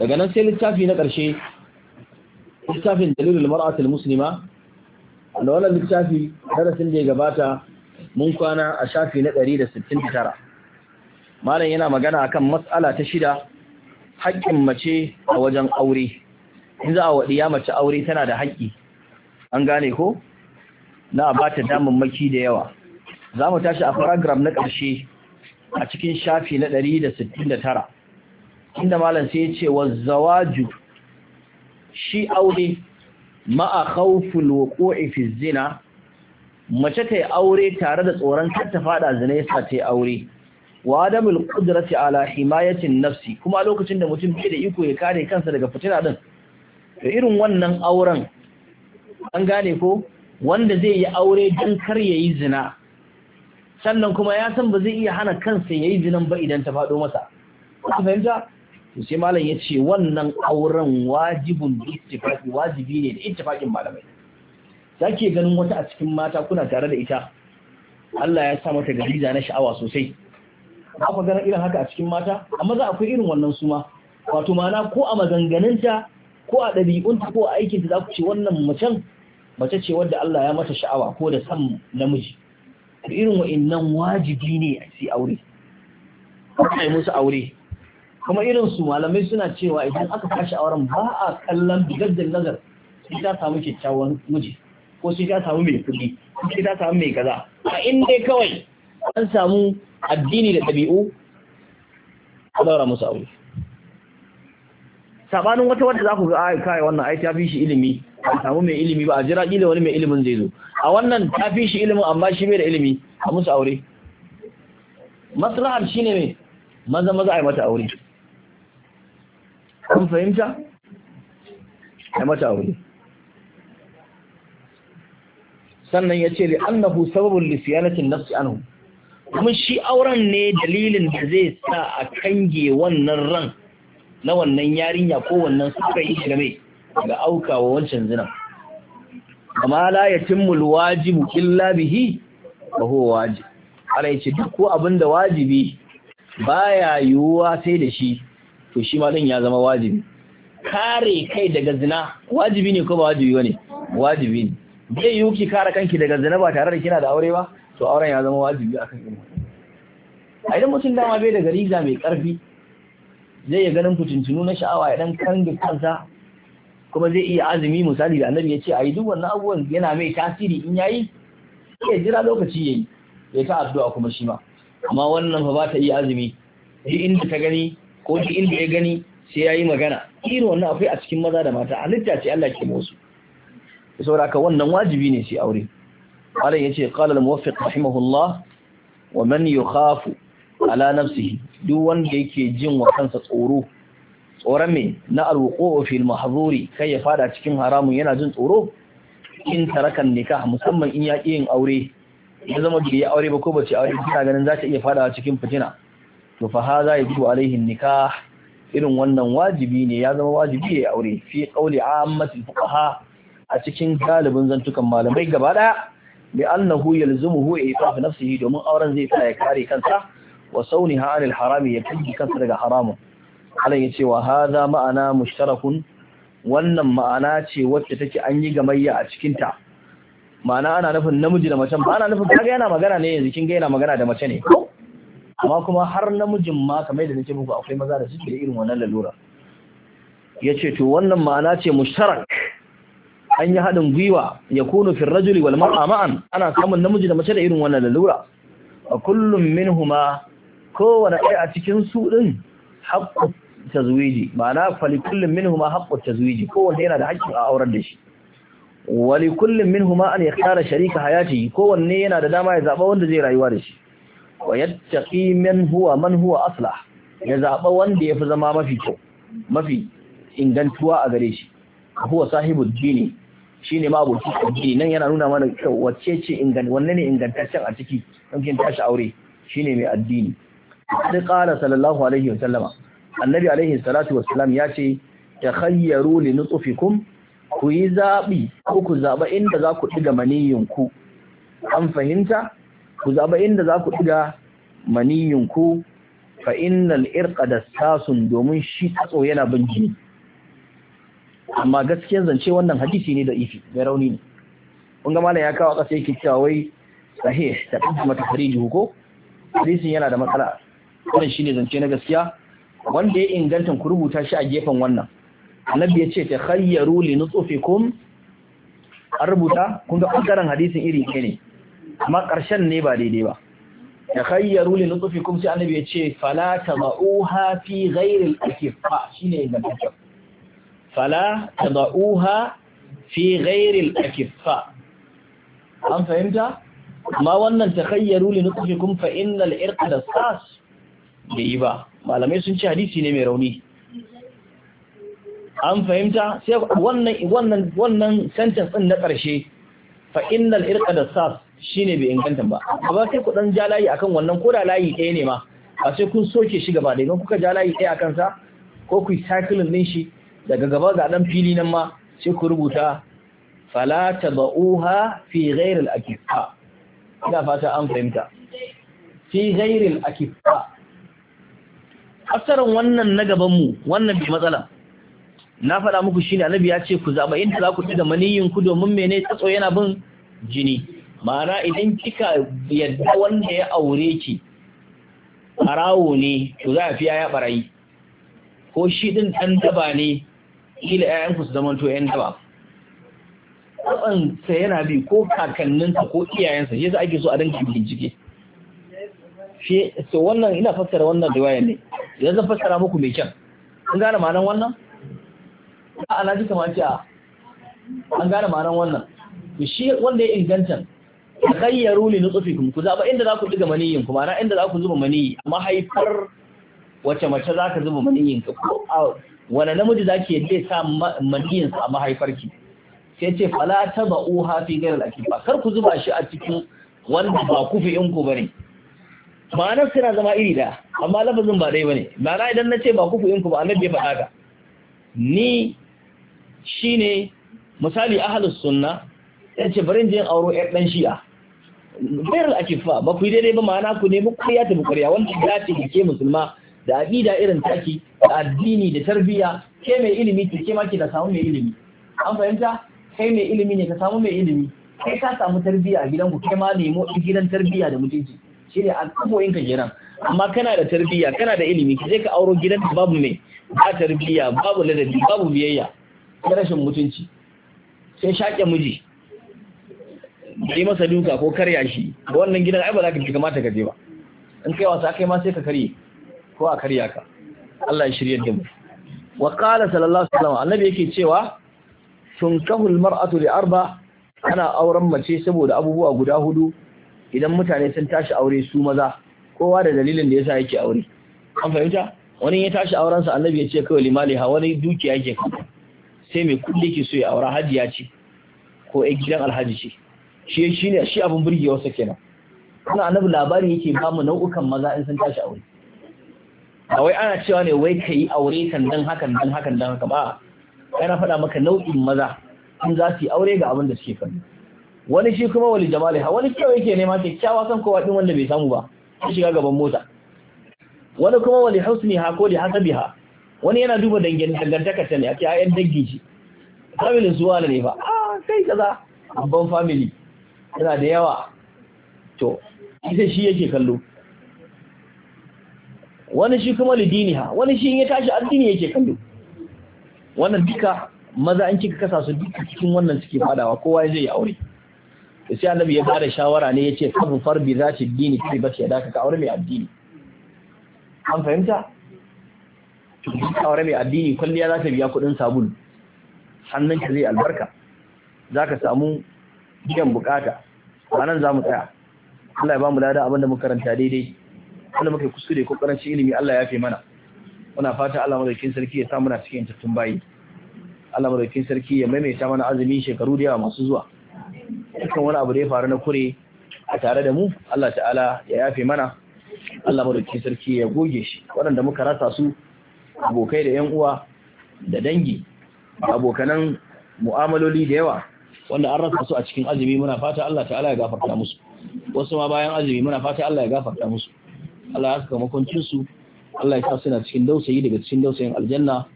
daga nan sai littafi na ƙarshe littafin dalilul mar'atul muslima da wannan littafi darasin da ya gabata mun kwana a shafi na 169 malam yana magana akan matsala ta shida haƙƙin mace a wajen aure in za a ya mace aure tana da haƙƙi an gane ko na ba ta damammaki da yawa za mu tashi a paragraf na ƙarshe a cikin shafi na 169 inda malam sai ya ce wa zawaju shi aure ma'a khawful wuqu'i fi zina mace ta aure tare da tsoron kar ta fada zina yasa ta yi aure wa adamul qudrati ala himayatin nafsi kuma lokacin da mutum bai da iko ya kare kansa daga fitina din to irin wannan auren an gane ko wanda zai yi aure don kar ya yi zina sannan kuma ya san ba zai iya hana kansa ya yi zinan ba idan ta faɗo masa ku fahimta to sai malam ya ce wannan auren wajibin ittifaki wajibi ne da ittifakin malamai zake ganin wata a cikin mata kuna tare da ita Allah ya sa mata gariza na sha'awa sosai aka ganin irin haka a cikin mata amma za akwai irin wannan suma wato mana ko a maganganunta ko a ɗabi'unta ko a aikinta za ku ce wannan macen mace ce wadda Allah ya mata sha'awa ko da san namiji irin wa'innan wajibi ne a ci aure. Kuma musu aure, kuma irin su malamai suna cewa idan aka tashi auren ba a kallon bigaddin nazar sai ta samu kyakkyawan miji ko sai ta samu mai kuɗi ko sai ta samu mai kaza a in dai kawai an samu addini da ɗabi'u a daura musu aure sabanin wata wadda za ku ga ai kai wannan ai ta fi shi ilimi ba samu mai ilimi ba a jira kila wani mai ilimin zai zo a wannan ta fi shi ilimin amma shi bai da ilimi a musu aure maslahar shine ne maza maza ai mata aure kun fahimta ya mata wuri sannan ya ce li annahu sababun li siyanatin nafsi anhu kuma shi auren ne dalilin da zai sa a kange wannan ran na wannan yarinya ko wannan suka yi game ga aukawa wancan zina amma la yatimmu alwajibu illa bihi wa huwa wajib ala yace duk ko abinda wajibi baya yiwuwa sai da shi to shi ma din ya zama wajibi kare kai daga zina wajibi ne ko ba wajibi bane wajibi ne dai ki kare kanki daga zina ba tare da kina da aure ba to auren ya zama wajibi akan ina a idan mutum dama bai da gariza mai karfi zai ya ganin fitintunu na sha'awa ya dan kanga kansa kuma zai iya azumi misali da annabi ya ce a yi duk wannan abubuwan yana mai tasiri in yayi ya jira lokaci yayi ya ta addu'a kuma shi ma amma wannan fa ba ta iya azumi duk inda ta gani ko shi inda ya gani sai ya yi magana irin wannan akwai a cikin maza da mata halitta ce Allah ke musu saboda ka wannan wajibi ne shi aure malam yace qala al-muwaffiq rahimahullah wa man yukhafu ala nafsihi duk wanda yake jin wa kansa tsoro tsoron me na alwuqu'u fil mahzuri kai ya fada cikin haramun yana jin tsoro in tarakan nikah musamman in ya yin aure ya zama bai aure ba ko bace aure kina ganin za iya fadawa cikin fitina to fa hadha yajibu alaihi nikah irin wannan wajibi ne ya zama wajibi ya aure fi qawli ammatil fuqaha a cikin galibin zantukan malamai gaba daya bi annahu yalzumuhu itaf nafsihi domin auren zai sa ya kare kansa wa sauniha anil harami ya kanki kansa daga haramun halan yace wa hadha ma'ana mushtarakun wannan ma'ana ce wacce take an yi gamayya a cikin ta ma'ana ana nufin namiji da mace ba ana nufin kaga yana magana ne yanzu kin ga yana magana da mace ne ko amma kuma har namijin ma kamar da nake muku akwai maza da suke da irin wannan lalura yace to wannan ma'ana ce mushtarak an yi haɗin gwiwa ya kunu fi rajuli wal mar'a ma'an ana samun namiji da mace da irin wannan lalura a kullum minhuma kowane ɗaya a cikin su ɗin haƙƙu tazwiji ma'ana fali kullum minhuma haƙƙu tazwiji kowanne yana da haƙƙin a auren da shi wali kullum minhuma an ya kara sharika hayati kowanne yana da dama ya zaba, wanda zai rayuwa da shi wa yattaqi man huwa man huwa aslah ya zaba wanda yafi zama mafi kyau mafi ingantuwa a gare shi huwa sahibul dini shine ma abokin dini nan yana nuna mana kyau wacce ce inganta wanne ne ingantaccen a ciki don kin tashi aure shine mai addini sai qala sallallahu alaihi wa sallama annabi alaihi salatu salam ya ce takhayyaru li nutfikum ku yi zaɓi ko ku zaɓa inda za ku ɗiga maniyinku an fahimta ku zaba inda za ku ɗiga maniyinku fa innal irqa da sasun domin shi tso yana bin jini amma gaskiyar zance wannan hadisi ne da ifi mai rauni ne kun ga malam ya kawo ƙasa yake cewa wai sahih ta kuma tahrijuhu ko hadisin yana da matsala wannan shine zance na gaskiya wanda ya inganta ku rubuta shi a gefen wannan annabi ya ce ta khayyaru li nutsufikum a rubuta kun ga ɓangaren hadisin iri ɗaya ne amma ƙarshen ne ba daidai ba ya khayyaru li nutfikum sai annabi ya ce fala tadauha fi ghairi al-akifa shine ingantaccen fala tadauha fi ghairi al-akifa an fahimta amma wannan takhayyaru li nutfikum fa innal irqa da sas bai ba malamai sun ce hadisi ne mai rauni an fahimta sai wannan wannan wannan sentence din na ƙarshe fa innal irqa da sas Shi ne bai inganta ba ba sai ku ja layi akan wannan ko da layi ɗaya ne ma ba sai kun soke shi gaba da kuka ja layi ɗaya akan sa ko ku cycling din shi daga gaba ga dan fili nan ma sai ku rubuta ba uha fi ghairi akifa ina fata an fahimta fi ghairi akifa asarin wannan na gaban mu wannan bi matsala na faɗa muku shine annabi ya ce ku zaba inda za ku da maniyin ku domin mene tsatso yana bin jini ma'ana idan kika yadda wanda ya aure ki barawo ne to za a fiya ya barayi ko shi din ɗan daba ne kila ku su zama to ƴan daba sa yana bi ko kakanninsa ko iyayensa shi yasa ake so a danki bincike shi so wannan ina fassara wannan riwaya ne idan zan fassara muku mai kyan an gane ma'anar wannan a ana ji kamar ce an gane ma'anar wannan to shi wanda ya inganta takhayyaru li nutfikum ku zaba inda za ku diga maniyin kuma ran inda za ku zuba maniyi amma haifar wace mace za ka zuba maniyin ka ko a wani namiji za ki ya sa maniyin sa a mahaifarki sai ce fala ba ha fi gari laki ba kar ku zuba shi a cikin wanda ba ku fi in ku bane Ma'ana suna zama iri da amma lafazin ba dai bane ma'ana idan na ce ba fi in ku ba annabi ya faɗa ni shine misali ahlus sunna yace bari in je auro ɗan shi'a bayar akifa ba ku yi daidai ba ma'ana ku nemi ƙarya ta bukariya wanda ya ce ke musulma da aƙida irin taki da addini da tarbiyya ke mai ilimi ke ke ma ke da samu mai ilimi an fahimta kai mai ilimi ne ka samu mai ilimi kai ka samu tarbiyya a gidan ku kai ma nemo gidan tarbiyya da mutunci shine alƙafoyin ka jiran amma kana da tarbiyya kana da ilimi ka je ka auro gidan da babu mai ba tarbiyya babu ladabi babu biyayya da rashin mutunci sai shaƙe miji yi masa duka ko karya shi ga wannan gidan ai ba za ka ji kamata ka je ba in kai wasa kai ma sai ka karye ko a karya ka Allah ya shirye da mu wa qala sallallahu alaihi wasallam annabi yake cewa tunkahul mar'atu li arba ana auren mace saboda abubuwa guda hudu idan mutane sun tashi aure su maza kowa da dalilin da yasa yake aure an fahimta wani ya tashi auren sa annabi ya ce kawai limali ha wani dukiya yake sai mai kulli ke so ya aura hajiya ce ko ai gidan alhaji ce shi shi ne shi abin burgewarsa kenan kuma annabi labari yake ba mu nau'ukan maza in sun tashi aure ba wai ana cewa ne wai kai aure kan dan hakan dan hakan dan haka ba yana faɗa maka nau'in maza in za su yi aure ga abin da suke kan wani shi kuma wali jamali ha wani kyau yake nema kyakkyawa san kowa din wanda bai samu ba ya shiga gaban mota wani kuma wali hausni ha ko li hasabiha wani yana duba dangantaka ta ne ake ayan dangin shi familin zuwa ne fa ah kai kaza ban family yana da yawa to ita shi yake kallo wani shi kuma ha wani shi ya tashi addini yake kallo wannan duka maza an kika kasa su duka cikin wannan suke fadawa kowa zai yi aure to sai annabi ya bada shawara ne yace far farbi zati dini kai bace da ka aure mai addini an fahimta to aure mai addini kulliya za ta biya kudin sabulu ka zai albarka zaka samu biyan bukata a nan za mu tsaya Allah ya ba mu lada abinda muka karanta daidai wanda muka kuskure ko karanci ilimi Allah ya fi mana muna fata Allah madaukakin sarki ya sa muna cikin tattun bayi Allah madaukakin sarki ya maimaita mana azumi shekaru da yawa masu zuwa dukkan wani abu da ya faru na kure a tare da mu Allah ta'ala ya yafe mana Allah madaukakin sarki ya goge shi waɗanda muka rasa su abokai da 'yan uwa da dangi abokanan mu'amaloli da yawa wanda an rasa su a cikin azumi muna fata Allah ta'ala ya gafarta musu wasu ma bayan azumi muna fata Allah ya gafarta musu Allah ya saka makoncin su Allah ya sa suna cikin dausayi daga cikin dausayin aljanna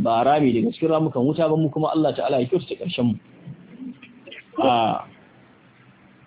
ba rami daga cikin ramukan wuta ba mu kuma Allah ta'ala ya kyautata karshen mu ah,